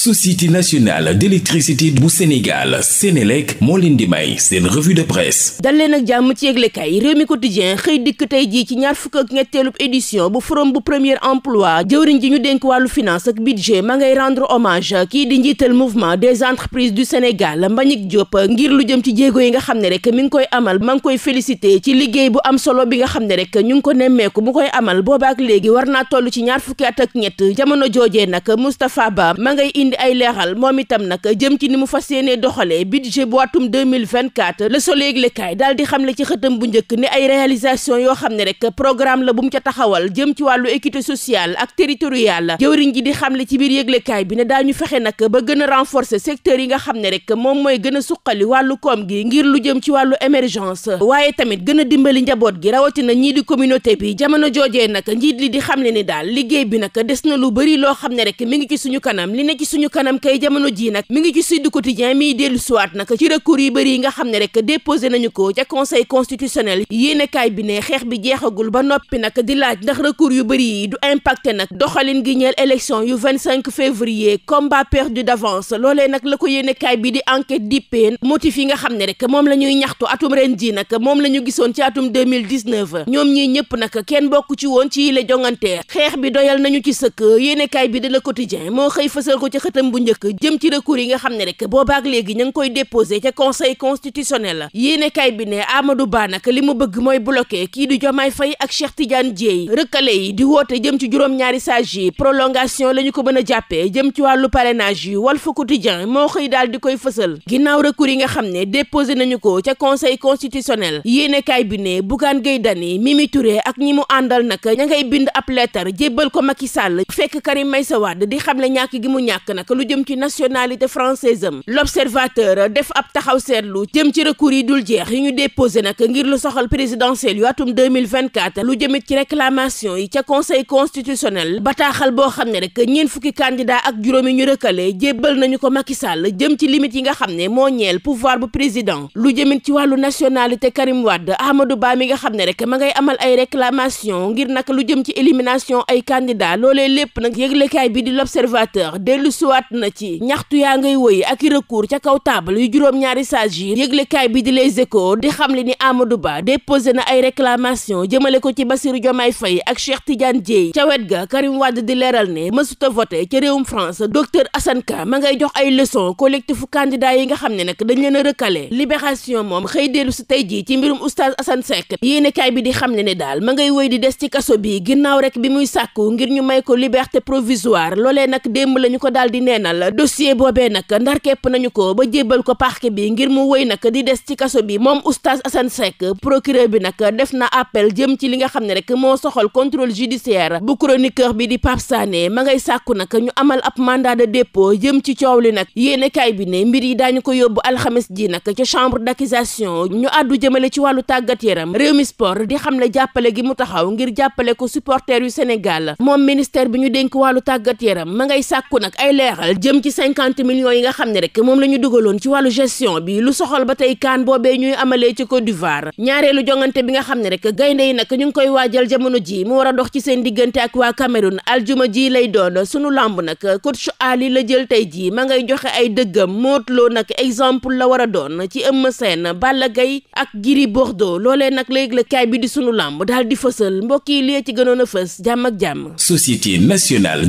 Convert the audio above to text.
société nationale d'électricité bu Sénégal Sénélec moo leen di may seen revue de presse dal ak jàmm ci yëglekaay réew mi quotidien xëy dikk tey jii ci ñaar fukk ak ñetteelub édition bu forum bu premier emploi jëwriñ ji ñu dénk wàllu finance ak budget ma ngay rendre hommage kii di njiital mouvement des entreprises du Sénégal Mbagnick Diop ngir lu jëm ci jéego yi nga xam ne rek mi ngi koy amal ma ngi koy félicité ci liggéey bu am solo bi nga xa ne rek ñu ngi ko nemmeeku bu koy amal boobaak léegi war naa toll ci ñaar fukki ak ñett jamono joojee nag indi ay moom itam nag jëm ci ni mu fas yéenee doxalee budget bu atum 2024 le soleil yëglekaay daal di xamle ci xëtam bu njëkk ne ay réalisation yoo xam ne rek programme la bu ca taxawal jëm ci wàllu équité sociale ak territoriale jëwriñ ji di xamle ci biir yëglekaay bi ne daañu fexe nag ba gën a renforcer secteur yi nga xam ne rek moom mooy gën a suqali wàllu koom gi ngir lu jëm ci wàllu émergence waaye tamit gën a dimbali njaboot gi rawatina ñii di communauté bi jamono joojee nag njiit li di xamle ni daal liggéey bi nag des na lu bëri loo xam ne rek mi ngi ci suñu kanam li ne ci suñu suñu kanam kay jamono ji nag ngi ci Sud Quotidien miy dellu siwaat nag ci recours yu bëri nga xam ne rek déposé nañu ko ca conseil constitutionnel yéenekaay bi ne xeex bi jeexagul ba noppi nag di laaj ndax recours yu bëri yi du impacté nag doxalin gi ñeel élection yu 25 février combat perdu d'avance loolee nag la ko yéenekaay bi di enquête dippee motif yi nga xam ne rek moom la ñuy ñaxtu atum ren ji nag moom la ñu gisoon ci atum 2019 ñoom ñii ñëpp nag kenn bokk ci woon ci jongante xeex bi doyal nañu ci sëkk yéenekaay bi di Le Quotidien xëtam bu njëkk jëm ci recours yi nga xam ne rek boobaak léegi ña ngi koy déposé ca conseil constitutionnel yéenekaay bi ne Amadou Ba li mu bëgg mooy bloqué kii di Diomaye Faye ak Cheikh Tidiane Dièye rëkkale yi woote jëm ci juróom-ñaari sages yi prolongation la ko mën a jàppee jëm ci wàllu parrainage yi Walf Quotidien moo xëy daal di koy fësal ginnaaw recours yi nga xam ne déposé nañu ko ca conseil constitutionnel yéenekaay bi ne Bougane Gueye Dany Mimi Touré ak ñi mu àndal nag ña ngay bind ab lettre jébbal ko mag Macky Sall fekk Karim sa Wade di xamle ñàkk gi mu ñàkk daanaka lu jëm ci nationalité française am l'observateur def ab taxaw seetlu jëm ci recours yi dul jeex yi ñu déposé nag ngir lu soxal présidentiel yu atum 2024 lu jëmit ci réclamation yi ca conseil constitutionnel bataaxal boo xam ne rek ñeen fukki candidat ak juróomi ñu rëkkale jébbal nañu ko Macky Sall jëm ci limite yi nga xam ne moo ñeel pouvoir bu président lu jëmit ci wàllu nationalité Karim Wade Amadou baam yi nga xam ne rek ma ngay amal ay réclamation ngir nag lu jëm ci élimination ay candidat loolee lépp nag delluwaat na ci ñaxtu yaa ngay woy ak i ca kaw taabal yu juróom-ñaari sages yi yëglekaay bi di Les Échos di xam le ni Amadou Ba déposé na ay réclamation jëmale ko ci Bassirou Diomaye Faye ak Cheikh Tidiane Dièye ca wet ga Karim Wade di leeral ne mësuta voté ca réewum France docteur Assane Ka ma ngay jox ay leçon collectifu candidat yi nga xam ne nag dañu leen a recalé libération moom xëy dellu si tey jii ci mbirum oustaz Assane Seck yéenekaay bi di xam ne ne daal ma ngay woy di des ci kaso bi ginnaaw rek bi muy sàkku ngir ñu may ko liberté provisoire loolee nag démb la ko daal di di neenal dossier boobee nag ndar képp nañu ko ba jébbal ko parquet bi ngir mu wëy nag di des ci kaso bi moom oustaz Assane Seck procureur bi nag def na appel jëm ci li nga xam ne rek moo soxal contrôle judiciaire bu chroniqueur bi di Pape Sané ma ngay sàkku nag ñu amal ab mandat de dépôt jëm ci coow li nag yéenekaay bi ne mbir yi daañu ko yóbbu alxames ji nag ca chambre d'accusation ñu àddu jëmale ci wàllu tàggat yaram réew mi sport di xam ne jàppale gi mu taxaw ngir jàppale ko supporter yu Sénégal ministère bi ñu dénk wàllu tàggat yaram leeral jëm ci cinquante millions yi nga xam ne rek moom la ñu dugaloon ci wàllu gestion bi lu soxal ba tey kaan boobee ñuy amalee ci Côte d'Ivoire ñaareelu jongante bi nga xam ne rek gaynde yi nag ñu ngi koy waajal jamono ji mu war a dox ci seen diggante ak waa Cameroun aljuma ji lay doon sunu làmb nag coach Ali la jël tey jii ma ngay joxe ay dëggam mootloo nag exemple la war a doon ci Eumeu Sène Balla gay ak Gris Bordeaux loolee nag léegi la kaay bi di sunu lamb daal di fësal mbokk yi li ci gënoon a fës jàmm jàmm. Société nationale